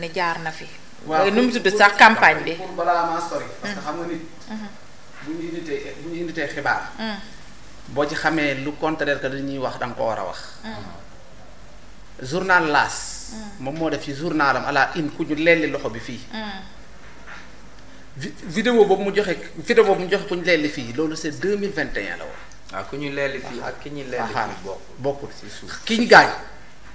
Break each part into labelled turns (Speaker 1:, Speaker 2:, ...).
Speaker 1: ne jaar na fi. waaw nu mu tudd sax campagne bi. pour
Speaker 2: balaa mm. xam nga nit. Mm-hmm. bu ñu indi xibaar. Mm. boo ci xamee lu contraire que li ñuy wax danga ko war a wax.
Speaker 1: Mm.
Speaker 2: journal laas. moom moo def ci journalam à la une ku ñu lelli loxo bi fii. vi vidéo boobu mu joxe vidéo boobu mu joxe ku ñu lelli fii loolu c'est deux mille vingt et un la ah, ku ñu lelli fii ak ki ñu lelli fii bokkul bokkul ci suuf ki ñu gaañ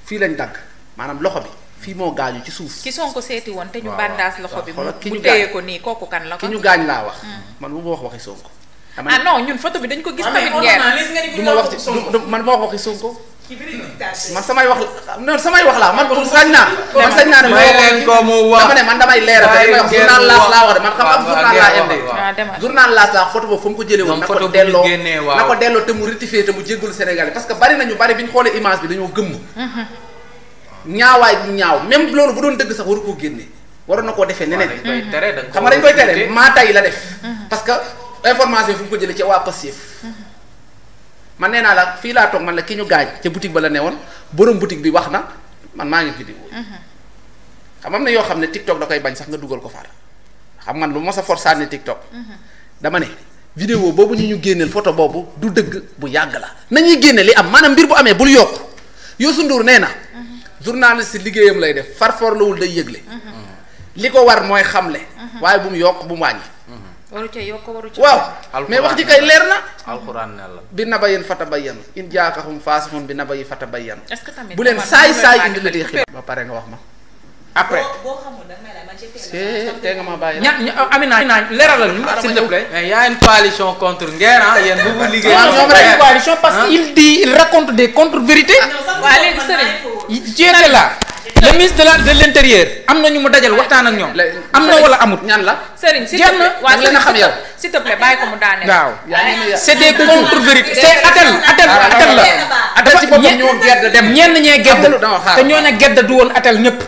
Speaker 2: fii lañ dagg maanaam loxo bi. fii moo gaañu ci suuf. ki
Speaker 1: Sonko seeti woon te ñu bandaas loxo bi. mu téye ko nii kooku ko.
Speaker 2: ki ñu gaañ laa wax. Hmm. man bu ma wax waxi Sonko. Ah, ah
Speaker 1: non ñun photo bi dañ ko gis. Ah, tamit ngeen du
Speaker 2: ma man ma wax waxi Sonko. man man sañ naa. man sañ ko mu wax dama ne man damay leeral te li may wax journal laas laa ko jëlee woon. na ko delloo na ko delloo te mu rectifier te mu jéggalu Sénégal parce que bari nañu bari bi ñu xoolee image bi dañoo gëmm
Speaker 1: mm-hmm.
Speaker 2: ñaawaay bu ñaaw même loolu bu doon dëgg sax waru koo génne a na koo defee neneen xam nga dañ koy tere maa tay la def mhm. parce que information mu ko jëlee ci waa passif mhm. man nee naa la fii laa toog man la ki ñu gaañ ca boutique ba la ne woon borom boutique bi wax na man maa ngi vidéo mhm. xam na yoo xam ne TikTok da koy bañ sax nga dugal ko faar xam man lu ma sa force ne TikTok dama ne vidéo boobu ñu ñu génneel photo boobu du dëgg bu yàgg la nañuy génne li am maanaam mbir bu amee bul yokk Youssou Ndour nee na journaliste liggéeyam lay def farfarlawul day yëgle. Mhm. li ko war mooy xamle. Mhm. waaye bu yokk bu mu wàññi. Mhm.
Speaker 1: waru ca yokk waru ca waaw mais wax ji kay leer na.
Speaker 2: alxuraan ne la bi naba yéen fatabayyanu in jaakaxum faasixun
Speaker 1: bu leen saay saay indi
Speaker 2: la dee xibaar. ba pare nga wax ma après
Speaker 1: boo xamul nag may
Speaker 2: eh, nga a une coalition contre Nguer ah, il dit il raconte des contre-vérités. Ah, tu la là le ministre de la de l'intérieur am na ñu mu dajal waxtaan ak ñoom. am na wala amut. ñaan la
Speaker 1: Serigne s'il te plaît waaw Serigne xam yow. s'il te plaît bàyyi ko mu daaneel. waaw c'est des contre-vérités c'est atel ah, atel la. atel ci ñee gedd te ñoo ne gedd du woon atel ñëpp.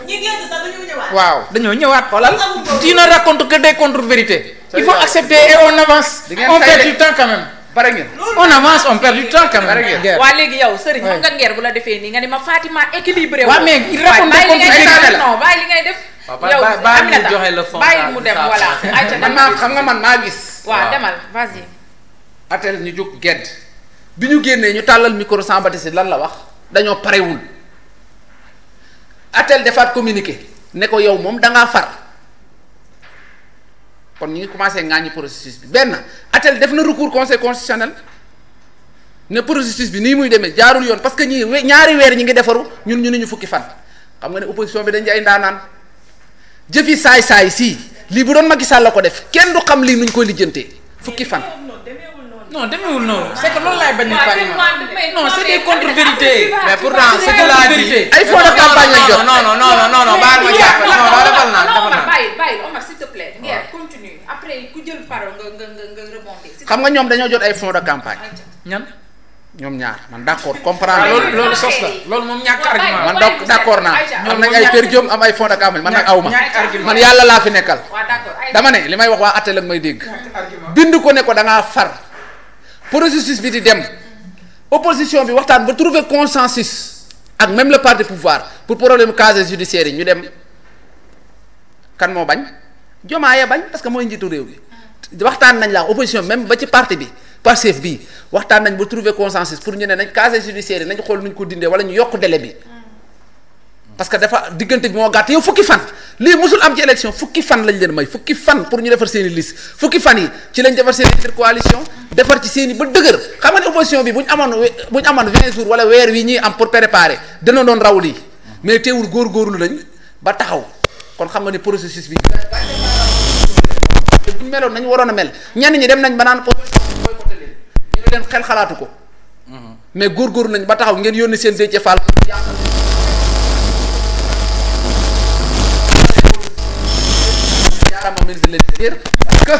Speaker 1: waaw dañoo ñëwaat xoolal. tu ne racontes que des contre-vérités. il faut accepter et on avance.
Speaker 2: on perd du temps quand même. bare ngeen. on avance on perd du temps quand même. waa
Speaker 1: léegi yow sëriñ xam nga ngeer bu la defee nii nga ne ma Fatima équilibré. waaw mais il répond comme si non bàyyi li ngay def. yow Aminata bàyyi mu dem voilà. ayca man maa xam nga man maa gis. waaw demal vas-y.
Speaker 2: atel ñu jóg gedd bi ñu génnee ñu tàllal micro sans Batista lan la wax dañoo parewul atel defaat communiqué ne ko yow moom da ngaa far. kon ñu ngi commencé ŋaañu processus bi benn atel def na recours conseil constitutionnel ne processus bi nii muy demee jaarul yoon parce que ñii ñaari weer ñi ngi defaru ñun ñu ni ñu fukki fan xam nga ne opposition bi dañ ay ndaanaan jëfi saay-saay sii lii bu doon Macky Sall la ko def kenn du xam lii nuñ koy lijjantee fukki fan.
Speaker 1: non demeewul noonu c'est que loolu a fàttali jot non non xam nga ñoom dañoo jot ay fonds
Speaker 2: de campagne. ñan ñoom ñaar man d' accord comprendre. Ah, loolu loolu sos loolu moom ñàkk argument. man donc d' accord naa am nañ ay per diem am ay fonds a campagne man nag aw man yàlla laa fi nekkal. dama ne li may wax waa attel ak may dégg. bind ko ne ko da ngaa far processus bi di dem. opposition bi waxtaan ba trouver consensus ak même le parti pouvoir pour problème casier judiciaire yi ñu dem kan moo bañ Diomaye bañ parce que mooy njiitu réew bi waxtaan nañ la opposition même ba ci parti bi Pastef bi waxtaan nañ ba trouver consensus pour ñu ne nañ casier judiciaire yi nañ xool nuñ ko dindee wala ñu yokk délai bi parce que dafa diggante bi moo gàtt yow fukki fan lii musul am ci élection fukki fan lañ leen may fukki fan pour ñu defar seen i liste fukki fan yi ci lañ defar seen i coalition defar ci seen i ba dëgër xam nga ne opposition bi bu ñu amoon bu ñu amoon vingt jours wala weer wi ñuy am pour préparer dana nañ ba taxaw kon xam nga ne processus bi. meloon nañu waroon a mel ñenn ñi dem nañ ba naan opposition boycotté leen ñu ne leen xel xalaatu ko mhm. mais góorgóorlu nañ ba taxaw ngeen yónni seen Déthié Fall jaarama ministre de l'intérieur parce que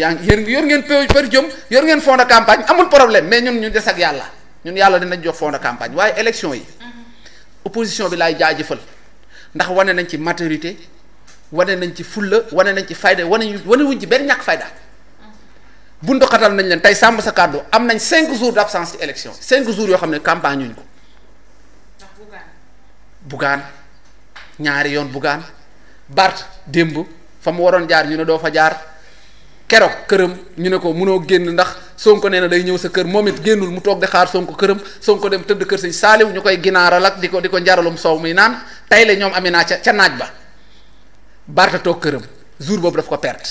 Speaker 2: yaa ngi yéen yor ngeen për jëm e, e yor ngeen fond de campagne amul problème mais ñun ñu des ak yàlla ñun yàlla dinañ jox fond de campagne waaye élection yi mhm. opposition bi laay jaajëfal ndax wane nañ ci maturité wane nañ ci fulla wane nañ ci fayda wane wanewuñ ci benn ñàkk fayda bu xatal nañ leen tey sàmm sa kàddu am nañ cinq jours d' absence ci élection cinq jours yoo xam ne campagne ñu ko. bugaan ñaari yoon bugaan Bart démb fa mu waroon jaar ñu ne doo fa jaar keroog këram ñu ne ko munoo génn ndax Sonko nee na day ñëw sa kër moom it génnul mu toog di xaar Sonko këram Sonko dem tëdd kër sëñ saaliw ñu koy ginaaral ak di ko di ko njaralum soow muy naan tey la ñoom amina ca ca naaj ba. Barta toog këram jour boobu daf ko perte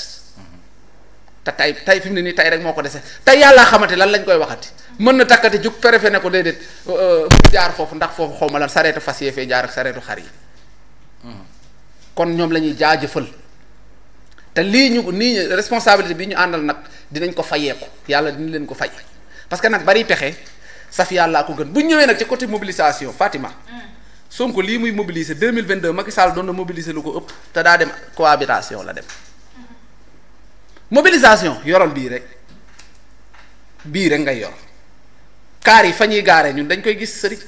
Speaker 2: te tay tay fi mu ne nii tay rek moo ko dese tey yàllaa xamante lan lañ koy waxati mën na takkati jug préfet ne ko déedéet euh, euh, jaar foofu ndax foofu xaw ma lan sareetu fas yee fee jaar ak sareetu xar yi kon ñoom la ñuy jaajëfal te lii ñu nii responsabilité bi ñu àndal nag dinañ ko fayeeku yàlla dina leen ko fay parce que nag bari pexe saf yàllaa ko gën bu ñëwee nag ci côté mobilisation Fatima. Sonko lii muy mobiliser deux mille vingt deux Macky Sall doon na mobiliser lu ko ëpp te daa dem cohabitation la dem mobilisation yoral bii rek bii rek ngay yor kaar yi fa ñuy gaaree ñun dañ koy gis sëriñ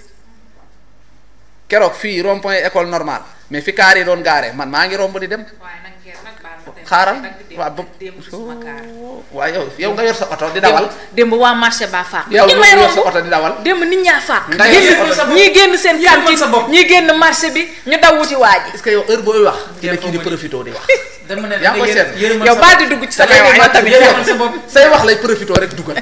Speaker 2: keroog fii rond point école normal mais fi kaar yi doon gaaree man maa
Speaker 1: ngi romb di dem. xaaral waaw ba. waaw yow yow nga yor sa oto di dawal. démb waa marché ba faak. yow nga yor sa oto di dawal démb nit ñaa faak. ñii génn seen cantine ñii génn marché bi ñu daw wuti waa ji. est que yow heure booy wax. ci
Speaker 2: la kii di profité di wax.
Speaker 1: yaa ngi koy seetlu yow di dugg ci sa kawar tamit
Speaker 2: say wax lay profité rek duggal.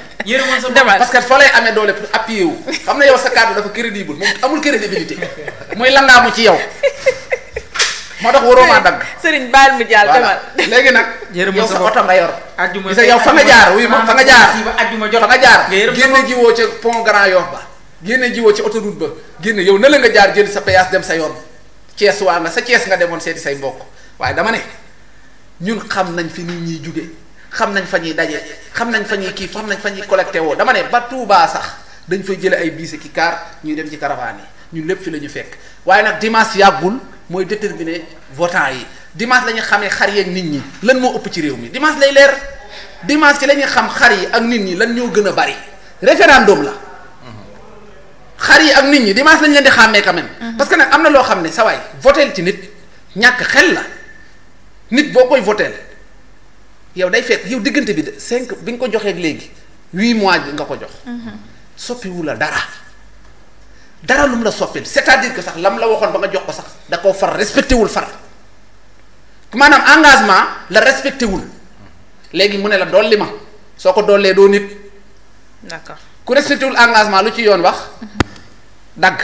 Speaker 2: demal parce que fa lay amee doole pour appuyer wu. xam na yow sa kàddu dafa crédible moom amul crédibilité muy langaamu ci yow moo tax waroo maa
Speaker 1: dagg. Serigne baal mu jàll demal. léegi nag. yow sa oto nga yor. ajjuma sa yow fa nga jaar wuy ma fa nga jaar.
Speaker 2: fa nga jaar génne jiwoo ca pont Grand Yoff ba. génne jiwoo ca autoroute ba génne yow na la nga jaar jël sa péage dem sa yoon. Cees waa nga sa Cees nga demoon seeti say mbokk waaye dama ne ñun xam nañ fi nit ñiy jóge xam nañ fa ñi daje xam nañ fa ñuy kii xam nañ fa ñuy collecté woo dama ne ba Touba sax dañ fay jële ay biise ki kaar ñuy dem ci caravane yi ñun lépp fi la ñu fekk waaye nag dimanche yàggul mooy ne votant yi dimanche la ñuy xamee xar yeeg nit ñi lan moo ëpp ci réew mi dimanche lay leer dimanche ci la ñuy xam xar yi ak nit ñi lan ñoo gën a bari référendum la xar yi ak nit ñi dimanche lañ leen di xàmmee quand mhm. parce que nag am na loo xam ne sa waay votel ci nit ñàkk xel la nit boo koy votel yow day fekk yow diggante bi de cinq bi nga ko joxee léegi huit mois nga ko jox. Mhm. soppiwu la dara. dara lum la soppil c'est-à-dire que sax lam la waxoon ba nga jox ko sax da koo far respecté wul far maanaam engagement la respecté wul léegi mu ne la dolli ma soo ko doolee doo nit. d'accord ku respecté wul engagement lu ci yoon wax dagg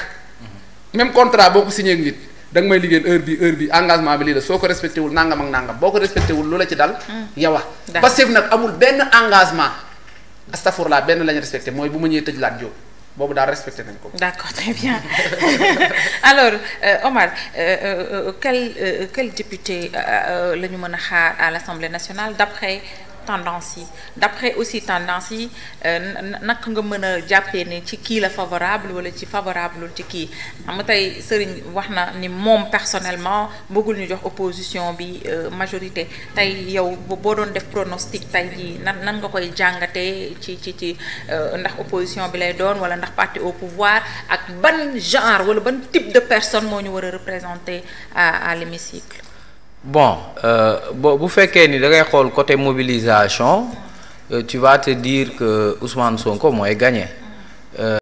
Speaker 2: même contrat boo ko signé ak nit da nga may liggéeyal bi heure bi engagement bi lii la soo ko respecté wul nangam ak nangam boo ko respecté wul lu la ci dal. Hmm. yow a Pastef nag amul benn engagement astafurla benn lañu respecté mooy bu ma ñëwee tëj laat jóg. boobu daal respecté nañ ko.
Speaker 1: d'accord très bien alors euh, Omar euh, euh, euh, euh quel député la ñu mën a xaar à l'Assemblée nationale d'après tendance yi d'après aussi tendance yi euh, nak nga mën a jàppee ni ci kii la favorable wala ci favorable ci kii xam nga tey Serigne wax na ni moom personnellement bëggul ñu jox opposition bi euh, majorité tey yow boo doon def pronostic tay jii nan nan nga koy jàngatee ci ci ci euh, ndax opposition bi lay doon wala ndax parti au pouvoir ak ban genre wala ban type de personne moo ñu war a représenter à à l'hémicycle
Speaker 2: bon euh, bo bu fekkee ni da ngay xool côté mobilisation euh, tu vas te dire que Ousmane Sonko mooy gagné. Euh,